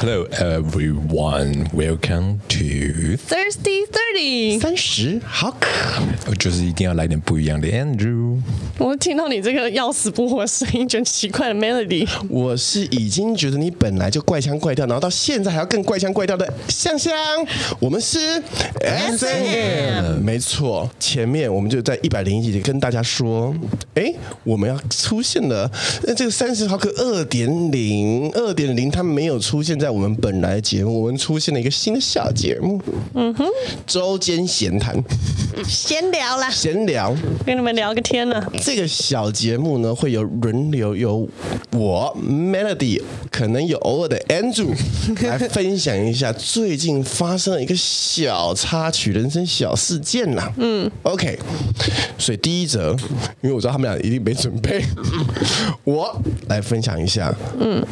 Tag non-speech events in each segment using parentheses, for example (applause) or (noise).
Hello everyone, welcome to Thirsty Thirty 三十，30 30. 好渴！就是一定要來點不一樣的 Andrew。我聽到你這個要死不活的聲音，就奇怪的 melody。我是已經覺得你本來就怪腔怪調，然後到現在還要更怪腔怪調的項項。我們是 SM，Yeah. 沒錯。前面我們就在一百零一集跟大家說，誒、欸，我們要出現了。那這個三十好渴二點零，二點零，它沒有出現在。我們本來節目，我們出現了一個新的小節目，嗯哼，週間閒談，閒聊啦，閒聊，跟你們聊個天呢、啊。這個小節目呢，會有輪流有我 Melody，可能有偶爾的 Andrew (laughs) 來分享一下最近發生了一個小插曲、人生小事件啦。嗯，OK，所以第一則，因為我知道他們倆一定沒準備， (laughs) 我來分享一下。嗯。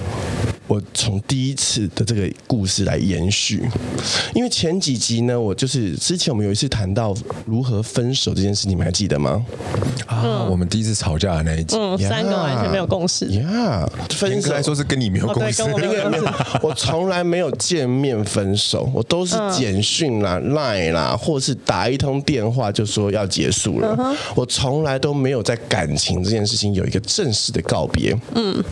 我從第一次的這個故事來延續，因為前幾集呢，我就是之前我們有一次談到如何分手這件事，你們還記得嗎？啊，嗯、我們第一次吵架的那一集，嗯，yeah, 三個完全沒有共識，呀、yeah，嚴格來說是跟你沒有共識，哦、我,我從來沒有見面分手， (laughs) 我都是簡訊啦、 (laughs) Line 啦，或是打一通電話就說要結束了，uh huh. 我從來都沒有在感情這件事情有一個正式的告別，嗯，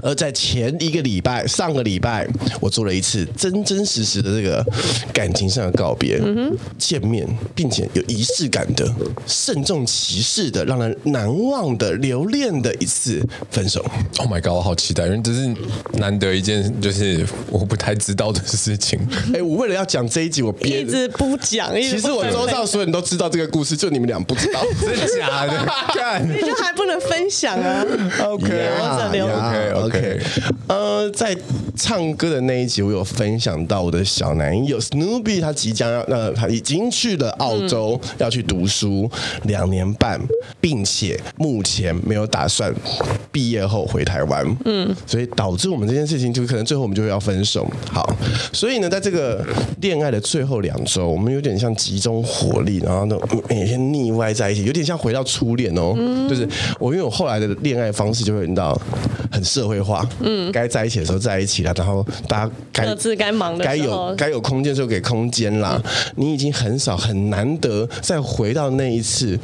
而在前一個禮拜。拜上個禮拜，我做了一次真真實實的這個感情上的告別、嗯、哼見面，並且有儀式感的、慎重其事的、讓人難忘的、留戀的一次分手。Oh my god，我好期待，因為這是難得一件，就是我不太知道的事情。哎、 (laughs) 欸，我為了要講這一集，我憋著，一直不講。因為其實我週遭所有人都知道這個故事，就你們倆不知道， (laughs) 真的假的？ (laughs) God. 你就還不能分享啊？OK，yeah, 我怎麼了 Yeah. OK。OK，呃，Okay. uh, 在唱歌的那一集，我有分享到我的小男友 Snoopy，他即將要、呃，他已經去了澳洲，嗯、要去讀書兩年半，並且目前沒有打算畢業後回台灣。嗯，所以導致我們這件事情，就可能最後我們就要分手。好，所以呢，在這個戀愛的最後兩周，我們有點像集中火力，然後呢，每天膩歪在一起，有點像回到初戀哦。嗯、就是我因為我後來的戀愛方式就會到。很社會化，嗯，該在一起的時候在一起了，然後大家各自該忙的該有該有空間的時候給空間啦。 (laughs) 你已經很少、很難得再回到那一次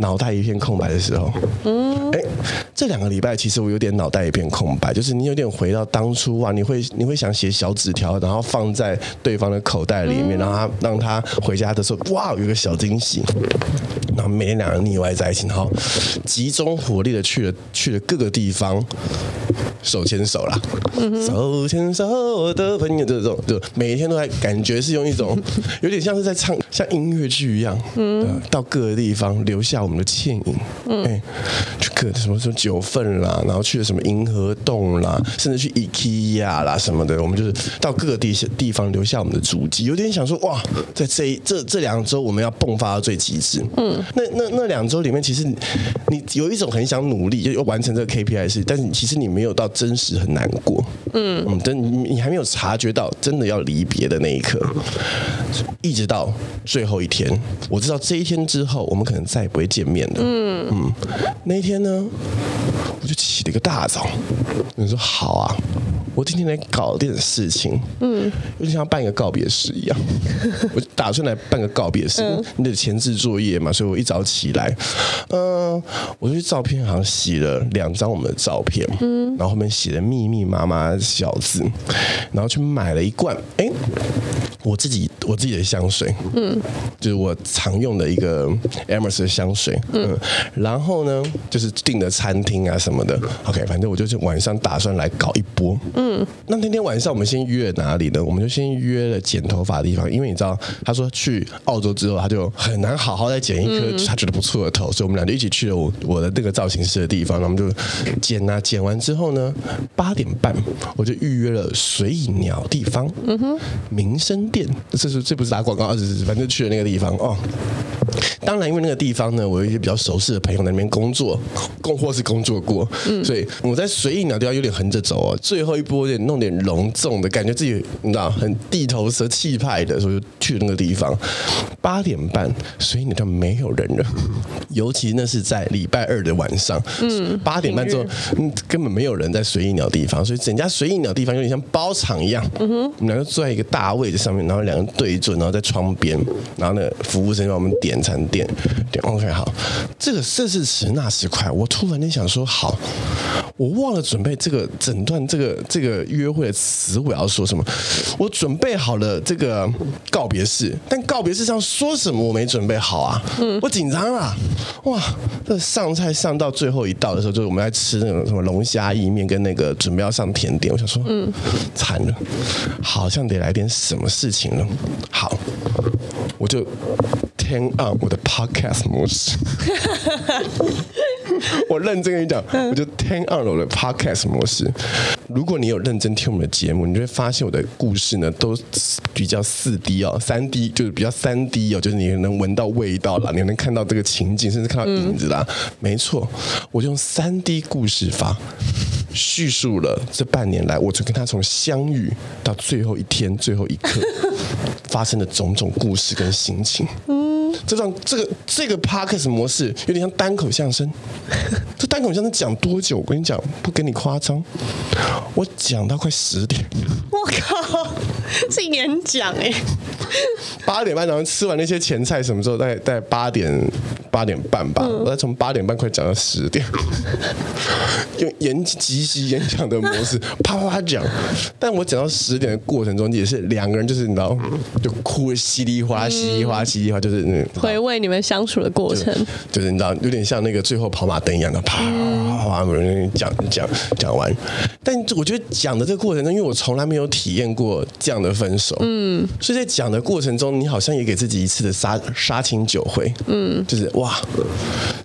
腦袋一片空白的時候，嗯，誒，這兩個禮拜其實我有點腦袋一片空白，就是你有點回到當初啊。你會你會想寫小紙條，然後放在對方的口袋裡面，嗯、然後他讓他回家的時候哇有個小驚喜。那每天兩個膩歪在一起，然後集中火力的去了去了各個地方。手牽手啦，嗯、哼手牽手的朋友，這種就，就，就每一天都在感覺是用一種有點像是在唱，像音樂劇一樣，嗯，到各個地方留下我們的倩影，嗯，去、欸、各什麼什麼九份啦，然後去了什麼銀河洞啦，甚至去 IKEA 啦什麼的，我們就是到各個地地方留下我們的足迹，有點想說哇，在這一這這兩週，我們要迸發到最極致，嗯，那那那兩周裡面，其實你，你有一種很想努力，就完成這個 K P I 是，但是其實你沒有到。真實很難過，嗯嗯，等、嗯、你還沒有察覺到真的要離別的那一刻，一直到最後一天，我知道這一天之後我們可能再也不會見面了，嗯嗯，那一天呢，我就起了一個大早，我說好啊。我今天，天來搞點事情，嗯，有點像辦一個告別式一樣。 (laughs) 我打算來辦個告別式，嗯、你得前置作業嘛，所以我一早起來，嗯、呃，我就去照片行洗了兩張我們的照片，嗯，然後後面寫了密密麻麻的小字，然後去買了一罐，哎，我自己。我自己的香水，嗯，就是我常用的一個 Emerson 的香水，嗯，嗯，然後呢，就是訂的餐廳啊什麼的，OK，反正我就是晚上打算來搞一波，嗯，那那天，天晚上我們先約哪裡呢？我們就先約了剪頭髮的地方，因為你知道，他說去澳洲之後他就很難好好再剪一顆、嗯、他覺得不錯的頭，所以我們倆就一起去了我我的那個造型師的地方，然後我們就剪吶、啊，剪完之後呢，八點半我就預約了水影鳥地方，嗯哼，民生店這是。這不是打廣告，是，反正去了那個地方哦。當然，因為那個地方呢，我有一些比較熟悉的朋友在那邊工作，供或是工作過，嗯，所以我在隨意鳥地方有點橫着走哦、啊。最後一波有點弄點隆重的，感覺自己你知道很地頭蛇氣派的，所以就去了那個地方。八點半，隨意鳥就沒有人了，尤其那是在禮拜二的晚上，嗯，八點半之後，嗯，平日，根本沒有人在隨意鳥地方，所以人家隨意鳥地方有點像包場一樣，嗯哼，我們兩個坐在一個大位子上面，然後兩個對準，然後在窗邊，然後呢，服務生幫我們點。餐點，點 OK 好。這個說時遲那時快，我突然間想說，好，我忘了準備這個診斷這個這個約會的詞，我要說什麼。我準備好了這個告別式，但告別式上說什麼，我沒準備好啊，嗯、我緊張了、啊，哇，這個、上菜上到最後一道的時候，就是我們在吃那種什麼龍蝦意麵跟那個準備要上甜點，我想說，嗯，慘了，好像得來點什麼事情呢。好，我就。天二，ten on，我的 podcast 模式， (laughs) 我認真跟你講， (laughs) 我就 turn on 了，我的 podcast 模式。如果你有認真聽我們的節目，你就會發現我的故事呢，都比較四 D 哦，三 D 就是比較三 D 哦，就是你能聞到味道啦，你能看到這個情景，甚至看到影子啦。嗯、沒錯，我就用三 D 故事法敘述了這半年來，我就跟他從相遇到最後一天、最後一刻 (laughs) 發生的種種故事跟心情。這種這個這個 podcast 模式有點像單口相聲， (laughs) 這單口相聲講多久？我跟你講，不跟你誇張，我講到快十點。我靠、oh God, (laughs) 欸，這一年講哎！八點半，然後吃完那些前菜，什麼時候？大概大概八點。八點半吧，嗯、我從八點半快講到十點，嗯、用演即席演講的模式、啊、啪啪啪講。但我講到十點的過程中，也是兩個人就是你知道，就哭得稀里嘩稀里嘩稀里嘩，嗯、就是回味你們相處的過程。就是、就是、你知道，有點像那個最後跑馬燈一樣的啪啪啪講講講完。但我覺得講的這個過程中，因為我從來沒有體驗過這樣的分手，嗯，所以在講的過程中，你好像也給自己一次的殺殺青酒會，嗯，就是我。哇。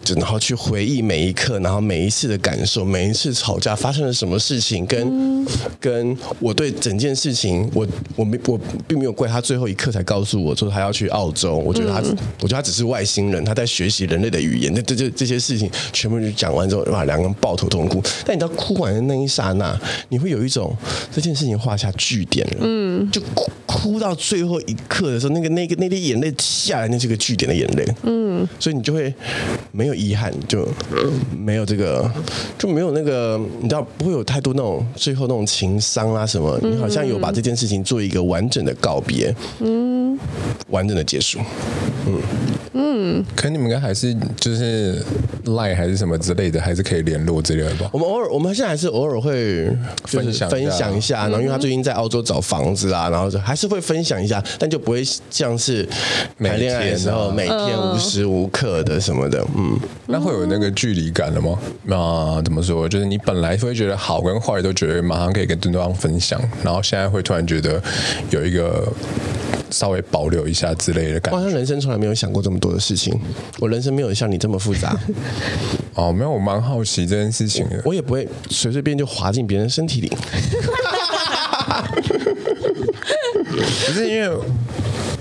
就然後去回憶每一刻，然後每一次的感受，每一次吵架發生了什麼事情，跟、嗯、跟我對整件事情，我我沒我並沒有怪他，最後一刻才告訴我說他要去澳洲。我覺得他，嗯、我覺得他只是外星人，他在學習人類的語言。那這這這些事情全部就講完之後，哇，兩個人抱頭痛哭。但你知道哭完的那一剎那，你會有一種這件事情畫下句點了，嗯，就哭哭到最後一刻的時候，那個那個那滴眼淚下來，那是個句點的眼淚，嗯，所以你就會沒。沒有遺憾，就沒有這個，就沒有那個，你知道，不會有太多那種最後那種情傷啊什麼。你好像有把這件事情做一個完整的告別，嗯，完整的結束，嗯。嗯，可是你們應該還是就是賴還是什麼之類的，還是可以聯絡之類的吧？我們偶爾，我們現在還是偶爾會分享分享一下，一下然後，因為他最近在澳洲找房子啊，嗯、然後還是會分享一下，但就不會像是談戀愛的時候每天、啊、每天無時無刻的什麼的。嗯，嗯，那會有那個距離感了嗎？那、啊、怎麼說？就是你本來會覺得好跟壞都覺得馬上可以跟對方分享，然後現在會突然覺得有一個。稍微保留一下之類的感覺，我好像人生從來沒有想過這麼多的事情。我人生沒有像你這麼複雜。 (laughs) 哦，沒有，我蠻好奇這件事情的。我，我也不會隨隨便就滑進別人身體裡。哈哈哈哈哈！只是因為我，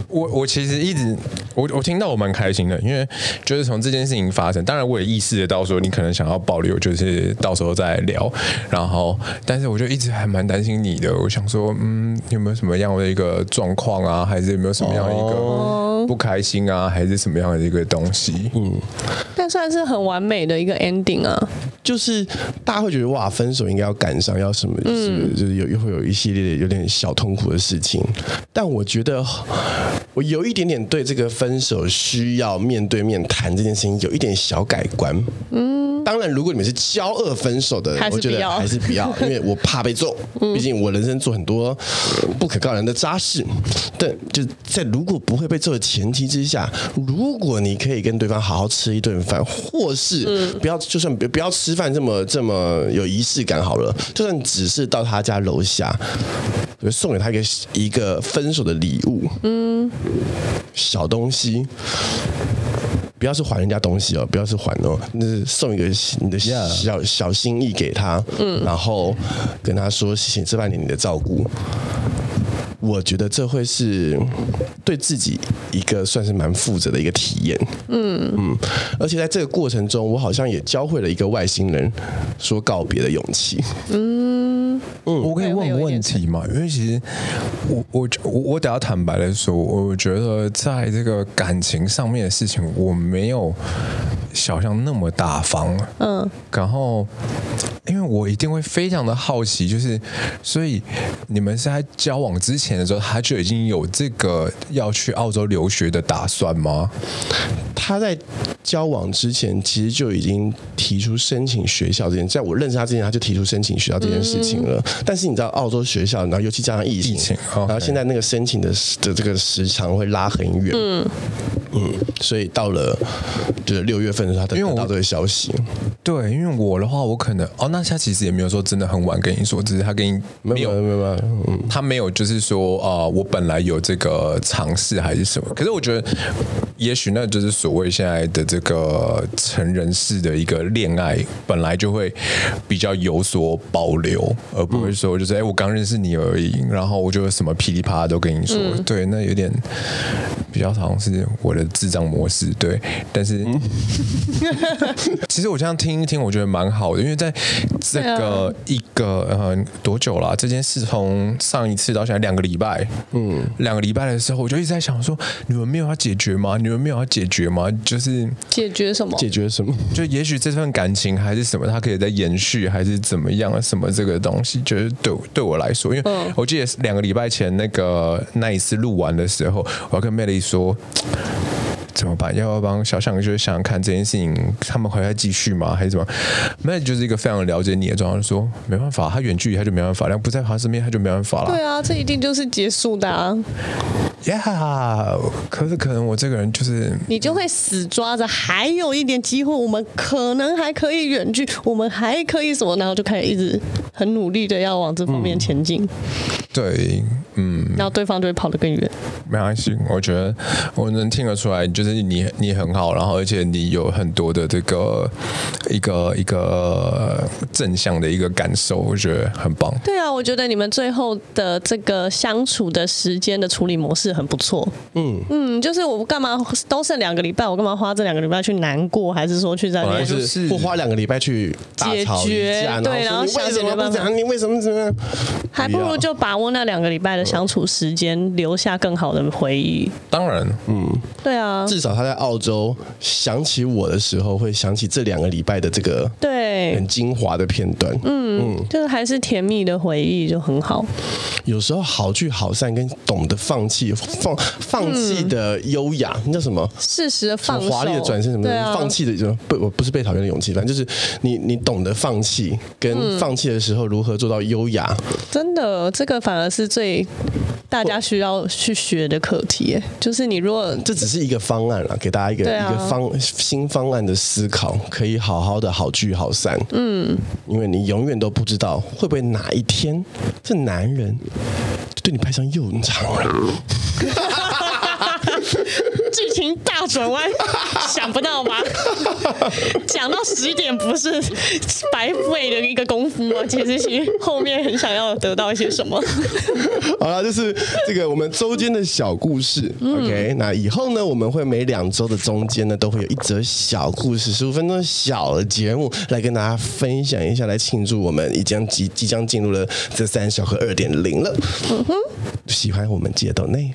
我，我其實一直。我我聽到我蠻開心的，因為就是從這件事情發生，當然我也意識到，說你可能想要保留，就是到時候再聊。然後，但是我就一直還蠻擔心你的，我想說，嗯，有沒有什麼樣的一個狀況啊？還是有沒有什麼樣的一個不開心啊？哦、還是什麼樣的一個東西？嗯，但算是很完美的一個 ending 啊。就是大家會覺得哇，分手應該要感傷，要什麼？是不是？嗯、就是有又會有一系列有點小痛苦的事情。但我覺得我有一點點對這個分。分手需要面對面談這件事情，有一點小改觀。嗯。當然，如果你們是交惡分手的，我覺得還是不要， (laughs) 因為我怕被揍。嗯、畢竟我人生做很多不可告人的渣事，但就在如果不會被揍的前提之下，如果你可以跟對方好好吃一頓飯，或是不要、嗯、就算不不要吃飯這麼這麼有儀式感好了，就算只是到他家樓下，就送給他一個一個分手的禮物，嗯，小東西。不要是還人家東西哦，不要是還哦，那是送一個你的小 Yeah. 小心意給他，嗯、然後跟他說：“謝謝這半年你的照顧。”我覺得這會是對自己一個算是蠻負責的一個體驗。嗯嗯，而且在這個過程中，我好像也教會了一個外星人說告別的勇氣。嗯嗯嘛，因為其實我我我我等下坦白的說，我覺得在這個感情上面的事情，我沒有。小象那麼大方，嗯，然後，因為我一定會非常的好奇，就是，所以你們是在交往之前的時候，他就已經有這個要去澳洲留學的打算嗎？他在交往之前，其實就已經提出申請學校這件，在我認識他之前，他就提出申請學校這件事情了。嗯、但是你知道，澳洲學校，然後尤其加上疫情，疫情 okay、然後現在那個申請的的這個時長會拉很遠，嗯。嗯，所以到了就是六月份的時候，他得到這個消息。對，因為我的話，我可能哦，那他其實也沒有說真的很晚跟你說，只是他跟你沒有沒有沒有，嗯，他沒有就是說啊、呃，我本來有這個嘗試還是什麼。可是我覺得。也許那就是所謂現在的這個成人式的一個戀愛，本來就會比較有所保留，嗯、而不會說就是哎、欸，我剛認識你而已，然後我就什麼噼裡啪啦都跟你說。嗯、對，那有點比較好像是我的智障模式。對，但是、嗯、 (laughs) 其實我這樣聽一聽，我覺得蠻好的，因為在這個一個、哎、呀呃多久了、啊？這件事從上一次到現在兩個禮拜，嗯，兩個禮拜的時候我就一直在想說，你們沒有要解決嗎？有沒有要解決嗎？就是解決什麼？解決什麼？就也許這份感情還是什麼，他可以再延續，還是怎麼樣？啊？什麼這個東西，就是對我對我來說，因為我記得兩個禮拜前那個那一次錄完的時候，我要跟 Mary 說，怎麼辦？要不要幫小項就想想看這件事情，他們還在繼續嗎？還是什麼？Mary 就是一個非常了解你的狀況說，沒辦法，他遠距離他就沒辦法，他不在他身邊他就沒辦法了。對啊，這一定就是結束的啊。嗯呀哈哈，yeah, 可是可能我這個人就是，你就會死抓着還有一點機會，我們可能還可以遠距，我們還可以什麼，然後就開始一直很努力的要往這方面前進。嗯對，嗯，然後對方就會跑得更遠。沒關係，我覺得我能聽得出來，就是你你很好，然後而且你有很多的這個一個一個正向的一個感受，我覺得很棒。對啊，我覺得你們最後的這個相處的時間的處理模式很不錯。嗯嗯，就是我幹嘛都剩兩個禮拜，我幹嘛花這兩個禮拜去難過，還是說去在那邊？我、就是、是花兩個禮拜去解決對，然後下一次呢？你為什麼，怎麼樣？還不如就把我。那兩個禮拜的相處時間，嗯、留下更好的回憶。當然，嗯，對啊，至少他在澳洲想起我的時候，會想起這兩個禮拜的這個對很精華的片段。嗯嗯，嗯就是還是甜蜜的回憶，就很好。有時候好聚好散，跟懂得放棄放放棄的優雅，那、嗯、叫什麼？適時的放棄華麗的轉身，什麼,什麼對、啊、放棄的就被我不是被討厭的勇氣，反正就是你你懂得放棄，跟放棄的時候如何做到優雅、嗯？真的，這個。反而是最大家需要去學的課題，欸，就是你如果這只是一個方案了，給大家一個對、啊、一個方新方案的思考，可以好好的好聚好散，嗯，因為你永遠都不知道會不會哪一天這男人對你派上用場了。嗯 (laughs) 劇情大轉彎，想不到吧？講 (laughs) 到十點不是白費的一個功夫啊！其實後面很想要得到一些什麼？好了，就是這個我們週間的小故事。OK，那以後呢，我們會每兩週的中間呢，都會有一則小故事，十五分鐘小的節目來跟大家分享一下，來慶祝我們已經即即將進入了這三小和二點零了。嗯、哼喜歡我們節得內。